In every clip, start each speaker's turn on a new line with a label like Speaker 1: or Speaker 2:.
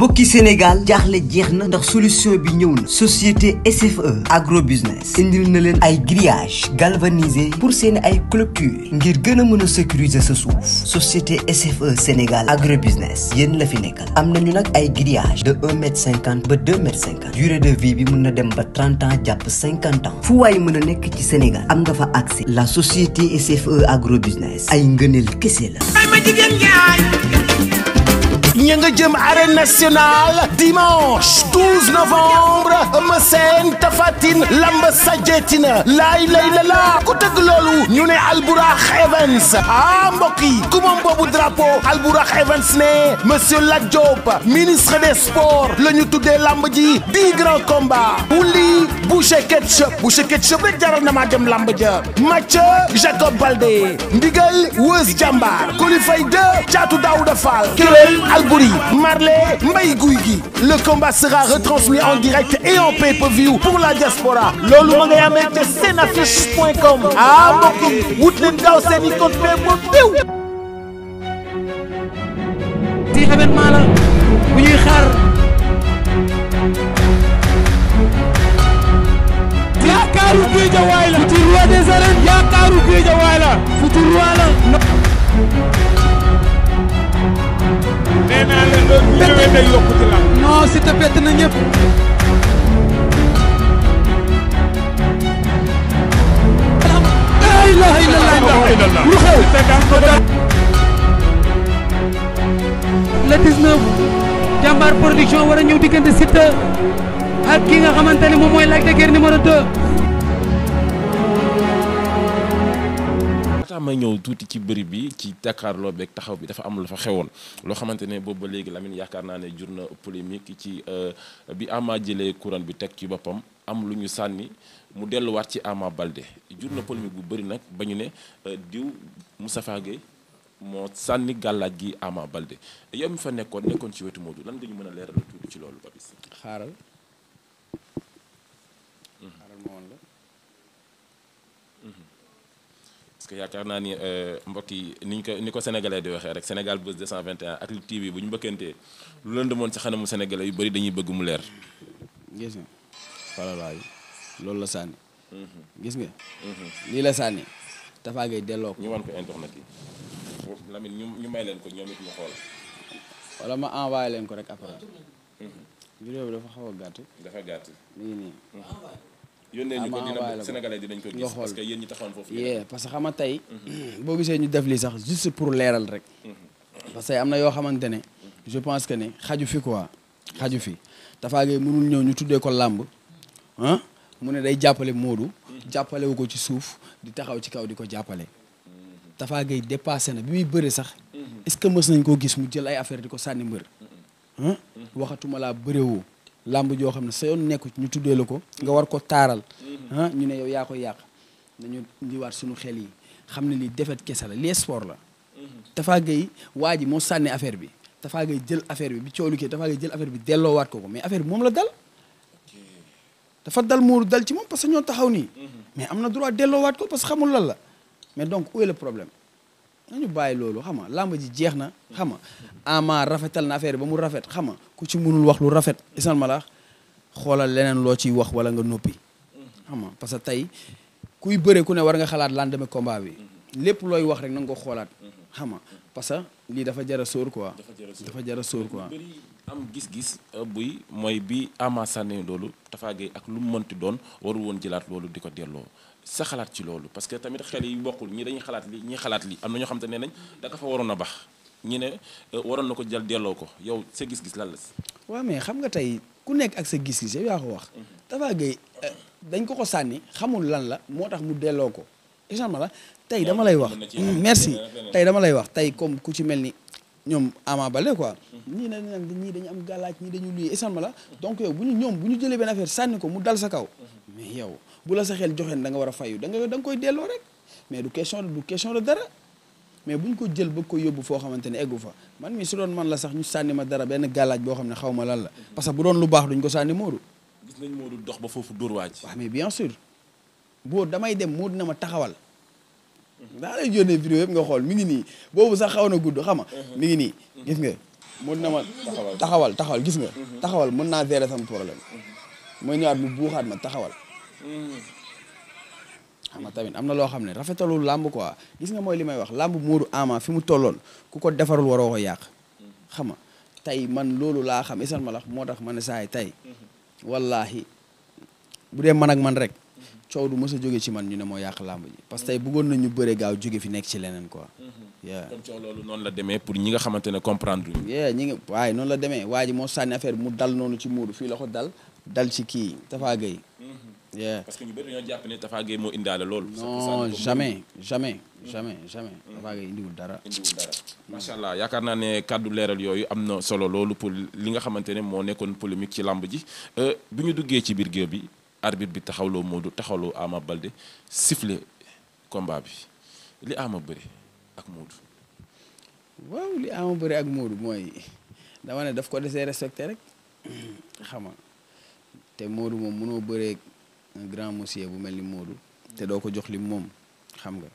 Speaker 1: bokki Sénégal jaaxle jeex na ndax solution bi ñëw na société SFE agro business na leen ay grillage galvanisé pour seen ay clôture ngir gën a mën a sécuriser sa suuf société SFE Sénégal agro business yéen la fi nekkal am nañu nag ay grillage de 1 ba 2 mètre de vie bi mën na dem ba 30 ans jàpp 50 ans fu waay mën a nekk ci Sénégal am nga fa accès la société SFE agro ay ngëneel kese la. ña nga jëm arène nationale dimanche novembre Eumeu Sène Tapha Tine lamba lay la laa ku tëgg loolu ñu ne Albourakh Events ah mbokk ku moom boobu drapeau Albourakh Events ne monsieur Lat Diop ministre des sports la ñu tuddee lamb ji di grand combat wuli boucher ketchup dem lamb ja Mathieu Jacob Baldé Ndigal Weus Jambar Kolifay 2 Thiatou Daouda Fall Kirel Albouri Marley Mbaye Gouy Gui le combat sera retransmis en direct et en pay view pour la diaspora loolu ma ngay amee com ah mbokk wut leen gaaw seen i compte
Speaker 2: mais leen yaakaaru Guédiawaye la futur roi la na ñëpp la ilaha illallah ñëw diggante Siteu ak ki nga xamante ne moom mooy Lac de Guiers numéro 2
Speaker 3: balaa ñëw tuuti ci bëri bi ci jàkkaarloo beeg taxaw bi dafa am lu fa xewoon loo xamante ne boobu ba léegi Lamine yaakaar naa ne jur na polémique ci euh, bi Ama jëlee couronne bi teg ci boppam am lu ñu sànni mu delluwaat ci Ama Balde jur na polémique bu bëri nag ba ñu ne euh, diw Moustapha moo sànni gàllaaj gi Ama Balde yow mi fa nekkoon nekkoon ci wetu moo Modou lan nga ñu mën a leeral tuuti ci loolu ba bis xaaral hmm. que yaakaar naa ni euh, mbokk yi niñ ko ni ko sénégalais di waxee rek Sénégal Buzz 221 ak Lutte TV bu ñu mbëkkantee lu leen demoon ci
Speaker 2: xanamu sénégalais yu bëri dañuy bëgg mu leer. gis nga falalaay loolu la sànni. Mhm. gis nga. Mhm. lii la sànni. Tapha Gueye delloo ko. ñu wan ko internet yi. Lamine ñu ñu may leen ko ñoom it xool. wala ma envoyé leen ko rek après. Mhm. vidéo bi dafa xaw a gàtt. dafa gàtt. nii nii. yónnee ñu ko dina sénégalais dinañ ko gis parce que mhm. boo gisee ñu def lii sax juste pour leeral rek mhm. parce que am na yoo xamante ne je pense que ne xaju fi quoi xaju fi Tapha Gueye mënul ñëw ñu tuddee ko làmb ah mu ne day jàppale Modou mhm. jàppalewu ko ci suuf di taxaw ci kaw di ko jàppale Tapha Gueye dépassé na bi muy bëri sax est-ce que mës nañ koo gis mu jël ay affaire di ko sànni mbër waxatuma laa bërewoo làmb joo xam ne sa yoon nekku ñu tuddee la ko nga war ko taaral mm-hmm. ah ñu ne yow yaak koy yàq dañu ndiwaat suñu xel yi xam ne lii defet kese la lii sport la mm-hmm. Tapha Gueye waa ji moo sànni affaire bi Tapha Gueye jël affaire bi bi coow lu kii Tapha Gueye jël affaire bi delloowaat ko ko mais affaire bi moom la dal dafa dal muuru dal ci moom parce que ñoo taxaw nii mm-hmm. mais am na droit delloowaat ko parce que xamul lan la mais donc où est le problème nañu bàyyi loolu xam nga làmb ji jeex na xam nga ama rafetal na affaire ba mu rafet xam nga ku ci mënul wax lu rafet isal ma la xoolal leneen loo ciy wax wala nga noppi xam nga parce que tey kuy bëre ku ne war nga xalaat lendemain combat bi lépp looy wax rek na nga ko xoolaat parce que lii dafa jar a sóor quoi. dafa jar a sóor quoi. am
Speaker 3: gis-gis euh, buy mooy bi Ama sànnee loolu Tapha Gueye ak lu mu mënti doon waru woon jëlaat loolu di ko delloo sa xalaat ci loolu parce que tamit xel yi bokkul ñi dañuy xalaat li ñi xalaat li am na ñoo xam te ne nañ da fa waroon a bax ñi ne euh, waroon na ko jël delloo ko yow sa gis-gis lan la si.
Speaker 2: waaw mais xam nga tey ku nekk ak sa gis-gis yow yaa ko wax. Mhm. Tapha Gueye euh, dañ ko ko sànni xamul lan la moo tax mu delloo ko. exemple ah, tey dama lay wax merci tey dama lay wax tey comme ku ci mel ni ñoom Ama Baldé quoi ñii na naan am gàllaaj ñii dañu luyee exemple la donc bu ñu ñoom bu ñu jëlee benn sànni ko mu dal sa kaw yow bu la sa xel joxeen da nga war a da nga da nga koy delloo mais du question du question de dara mais bu ñu ko jël ba ko yóbbu foo xamante ne eggu fa man mi su doon man la sax ñu sànni ma dara benn gàllaaj boo xam ne xaw ma lan la parce que bu doon lu baax duñ ko sànni Modou gis nañ dox ba foofu door waaj waaw mais bien sûr boo damay dem moo na ma taxawal daa lay yónnee vidéo yëpp nga xool mi ngi nii boobu sax xaw na gudd xam mi ngi nii gis nga moo na ma taxawal taxawal gis nga mhm. taxawal mën naa gérer sama problème mooy ñëwaat mu buuxaat ma taxawal mhm. xam nga tamit am na loo xam ne rafetalul làmb quoi gis nga mooy li may wax làmb Modou Ama fi mu tolloon ku ko defarul waroo ko yàq mhm. xam nga tey man loolu laa xam isal ma lax moo tax ma ne saay tey wallaahi bu dee man rek coow du mës a jóge ci man ñu ne moo yàq làmb ji parce que bëggoon nañu bëre gaaw jóge fi nekk ci leneen ko mm-hmm. yeah
Speaker 3: kon coow loolu noonu la demee pour ñi nga xamante ne comprendre
Speaker 2: ñu ngi waaye noonu la demee waa ji moo sànni affaire mu dal noonu ci muuru fii la ko dal dal ci kii Tafa Gueye mm-hmm. yeah ne Tafa Gueye
Speaker 3: moo indaale loolu non jamais
Speaker 2: jamais jamais jamais Tafa indiwul dara
Speaker 3: macha allah yaakaar naa ne kàddu leeral yooyu am na solo loolu pour li nga xamante ne moo nekkoon polémique ci làmb ji euh, bu ñu duggee ci biir géew bi arbitre bi taxawloo Modou taxawloo Ama Balde sifflé combat bi li Ama bëri ak Modou.
Speaker 2: bëri ak moodu mooy dama ne daf ko desee respecté rek xam nga te Modou moom mënoo bëree un grand monsieur bu mel ni moodu te doo ko jox lim moom xam nga.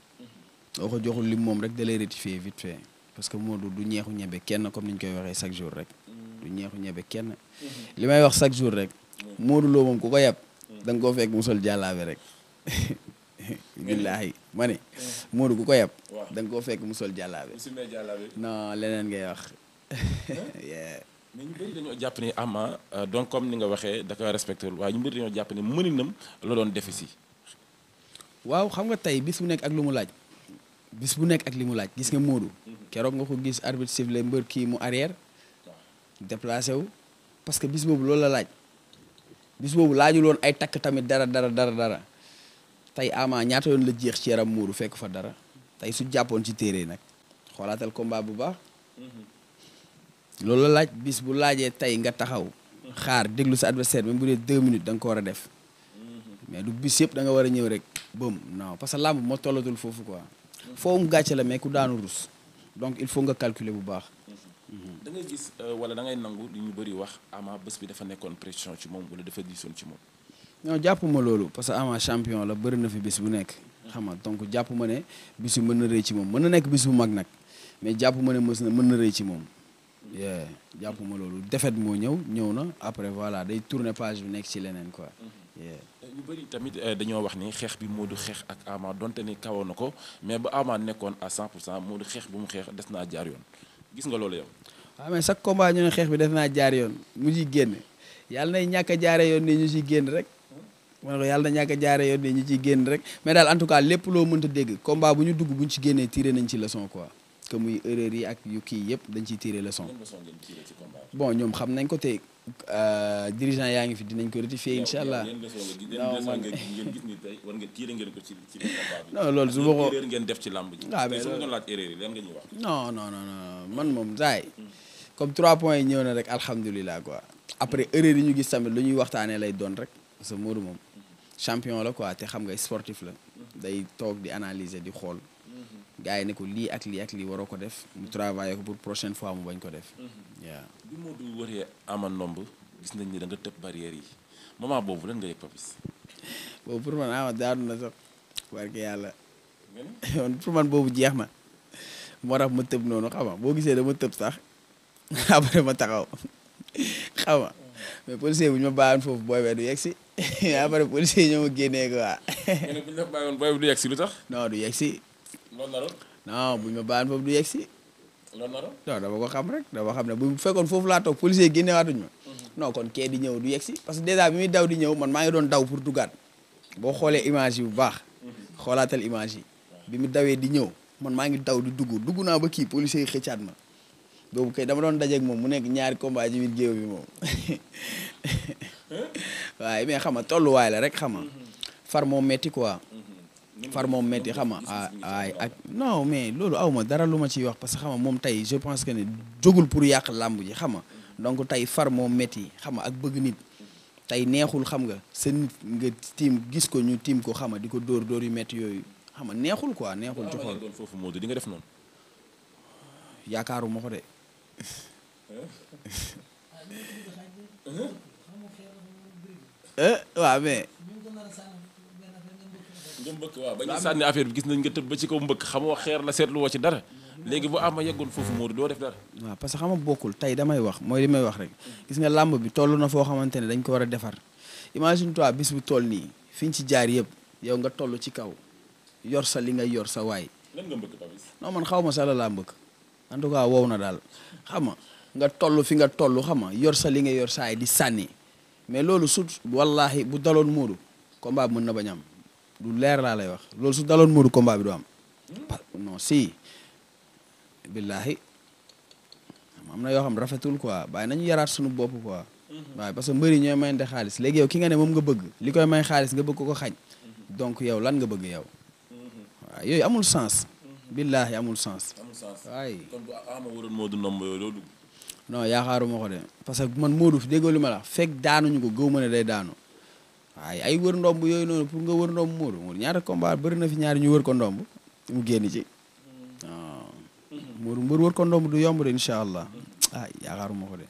Speaker 2: doo ko joxul lim moom rek da lay rectifier vite fait parce que Modou du ñeexu ñebe kenn comme ni ñu koy waxee chaque jour rek. Mm. du ñeexu ñebe kenn. li may wax chaque jour rek. Modou Lo moom ku ko yàpp da nga koo fekk mu sol jàllaabe rek. billaahi ma ne. gu mm. ko yab. da nga koo fekk mu sol jàllaabe. non leneen ngay wax.
Speaker 3: mais ñu bëri dañoo jàpp ni Ama euh, donc comme ni nga waxee da ko respecté waaye ñu bëri dañoo jàpp ni mëninam la doon defe si.
Speaker 2: waaw xam nga tey bis bu nekk ak lu mu laaj. bis bu nekk ak li mu laaj gis nga Modou. Mm-hmm. keroog nga ko gis arbitre sifflé mbër kii mu arrière. déplacé wu parce que bis boobu loolu la laaj. bis boobu laajul woon ay takk tamit dara dara dara dara tey Ama ñaata yoon la jeex ci yaram muuru fekk fa dara tey su jàppoon ci téere nag xoolaatal combat bu baax. Mhm. loolu la laaj bis bu laajee tey nga taxaw. xaar déglu sa adversaire même bu dee deux minutes da nga ko war a def. Mhm. mais du bis yëpp da nga war a ñëw rek bëm non parce que làmb moo tollatul foofu quoi. foo mu gàcce la mais ku daanu rus donc il faut nga calculer bu baax.
Speaker 3: Mhm. da ngay gis euh, wala dangay ngay nangu li ñu bëri wax Ama bés bi dafa nekkoon pression ci moom wala dafa diisoon ci moom.
Speaker 2: non jàpp ma parce que Ama champion la bëri na fi bis bu nekk. xam nga donc ma ne bis mën na rëy ci moom mën na nekk bis bu nag mais jàpp ma ne mës na mën na rëy ci moom. yeah jàpp ma loolu defet moo ñëw ñëw na après voilà day tourner page bi nekk ci leneen quoi. Euh,
Speaker 3: ñu bëri tamit euh, dañoo wax ni xeex bi du xeex ak amaa donte ni kawoon na ko mais ba Ama nekkoon à 100 pour cent Modou xeex bu mu xeex des naa jaar yoon. gis nga loolu yow.
Speaker 2: waaw mais ñu ne xeex bi def naa jaar yoon mu ciy génn yàlla na ñàkk a jaaree yoon nii ñu ciy génn rek ma ne ko yàlla na ñàkk yoon ñu ciy génn rek mais daal en tout cas lépp loo mënta dégg combat bu ñu dugg bu ñu ci génnee tiré nañ ci leçon quoi que muy erreur ak yu kii yëpp dañ ciy tiré leçon. bon ñoom xam nañ ko te Euh, dirigeant yaa ngi fi dinañ ko ratifier incha allah. war
Speaker 3: ngeen tiire ngeen ko ci ci non loolu su ma ko ngeen def ci làmb ji. waaw ah, mais loolu laaj erreur yi
Speaker 2: man moom saay comme trois points yi ñëw na rek alhamdulilah quoi. après erreur yi ñu gis tamit lu ñuy waxtaanee lay doon rek parce que Modou moom champion la quoi te xam nga sportif la. day toog di analyser di xool. gars yi ne ko lii ak lii ak lii waroo ko def mu travailler ko pour prochaine fois mu bañ ko def. waaw mhm.
Speaker 3: bi Modou waree ama ndomb gis nañ ni da nga tëb barrière yi moment boobu lan nga yëg Papis.
Speaker 2: boobu pour man ama daanu na sax barke yàlla. pour man boobu jeex na moo tax ma tëb noonu xam nga boo gisee dama tëb sax après ma taxaw xam nga mhm. mais policier bu ñu ma bàyyoon foofu booy bee du yegg si après policier ñoo ma génnee quoi. mais nag loolu naroon. non buñ ma bàyyi foofu du yegg si. loolu naroon non dama ko xam rek dama xam ne bu fekkoon foofu laa toog policier yi génnewaatuñ ma. Mhm. non kon kee di ñëw du yegg parce que dèjà bi muy daw di ñëw man maa ngi doon daw pour dugaat boo xoolee image bu baax. Mhm. xoolaatal image yi. bi mu dawee di ñëw man maa ngi daw di dugg dugg naa ba kii policier yi xëccaat ma. boobu kay dama doon dajeeg moom mu nekk ñaari combat ji biir géew bi moom waaye mais xam nga tolluwaay la rek xam nga mhm. far moom metti quoi. far moom métti xam nga ay ah, ak ah, ah, non mais loolu aw ma dara lu ma ciy wax parce que xam nga moom tey je pense que ne jógul pour yàq làmb ji xam nga donc tey far moom métti xam nga ak bëgg nit tey neexul xam nga sa nit nga tiim gis ko ñu tiim ko xam nga di ko door door yu métti yooyu xam nga neexul quoi neexul ci xool
Speaker 3: foofu Modou di nga def noonu
Speaker 2: yaakaaru ma de eh? Eh? waaw mais
Speaker 3: nga mbëkk waaw ba ñu sànni affaire bi gis nañ nga tëb ba ci kaw mbëkk xamoo xeer la seetlu woo ci dara léegi bu am yeggoon foofu Modou doo def dara
Speaker 2: waaw parce que bokkul tey damay wax mooy li may wax rek gis nga làmb bi toll na foo xamante ne dañ ko war a defar imagine toi bis bu toll nii fi ñu ci jaar yëpp yow nga toll ci kaw yor sa li nga yor sa waay
Speaker 3: lan nga
Speaker 2: man xaw ma sa la en tout cas wow na daal xam nga nga toll fi nga toll xam nga yor sa li nga yor saay di sànni mais loolu sut wallahi bu daloon Modou combat mën na bañ am lu leer laa lay wax loolu su daloon Modou combat bi du am non si billaahi am na yoo xam rafetul quoi bàyyi nañu yaraat suñu bopp quoi mhm. waaye parce que mbëri ñooy mayante xaalis léegi yow ki nga ne moom nga bëgg li koy may xaalis nga bëgg ko ko xañ mhm. yow lan nga bëgg yow mhm. waaw yooyu amul sens billaahi amul sens waay non yaakaaruma ko de parce que man Modou fi déggoo li ma la fekk daanuñu ko gëw ma ne day daanu waaye ay wër ndomb yooyu noonu pour nga wër ndomb Modou Modou ñaata combat bëri na fi ñaari ñu wër ko mu génn ci waaw mm. ah. Modou mbër wër ko du yomb de allah ah yaakaaruma ko de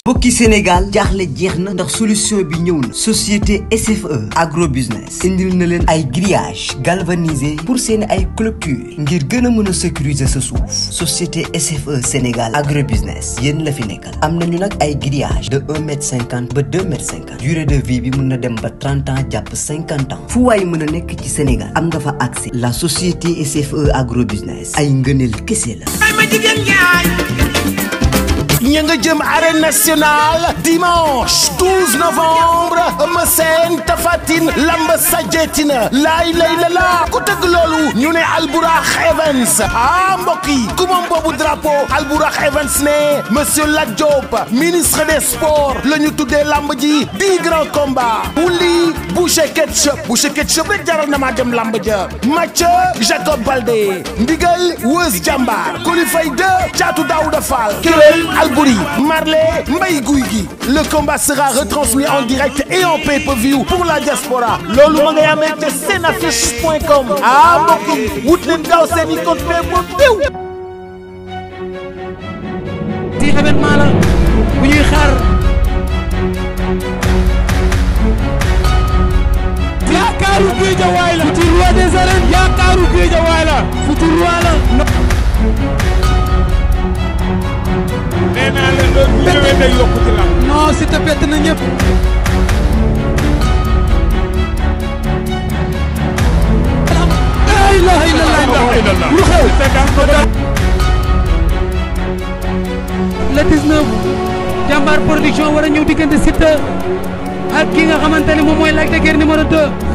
Speaker 1: mbokki Sénégal jaaxle jeex na ndax solution bi ñëw na société SFE agro business indil na leen ay grillage galvanisé pour seen ay clôture ngir gën a mën a sécuriser sa suuf société SFE Sénégal agro business yéen la fi nekkal am nañu nag ay grillage de 1 mètre ba 2 mètre 50 de vie bi mën na dem ba 30 ans jàpp 50 ans fu waay mën a nekk ci Sénégal am nga fa accès la société SFE agro ay ngëneel kese la. ña nga jëm arène nationale dimanche 12 novembre Eumeu Sène Tapha Tine lamb sajetina laay lay la laa ku tëgg loolu ñu ne Albourakh Events ah mbokk yi ku moom boobu drapeau Albourakh Events ne monsieur Lat Diop ministre des sports la ñu tuddee lamb ji dix grands combats wuli boucher ketchup boucher ketchup rek jaral na maa dem lamb ja Jacob Baldé ndigal Weus Jambar Kolifay 2 Caatu Daouda Fall catégorie Marley Mbaye Gouy Gui le combat sera retransmis en direct et en pay view pour la diaspora loolu ma ngay amee ca seen com ah mbokk wut leen gaaw seen i compte pay bo
Speaker 2: diw di événement la bu ñuy xaar
Speaker 3: yaakaaru Guédiawaye la futur roi des la futur
Speaker 2: nee naa leen heure bu ñëwee day na ñëpp. la ilaha illallah lu xew ñëw diggante Siteu ak ki nga xamante ne moom mooy Lac de Guiers numéro 2.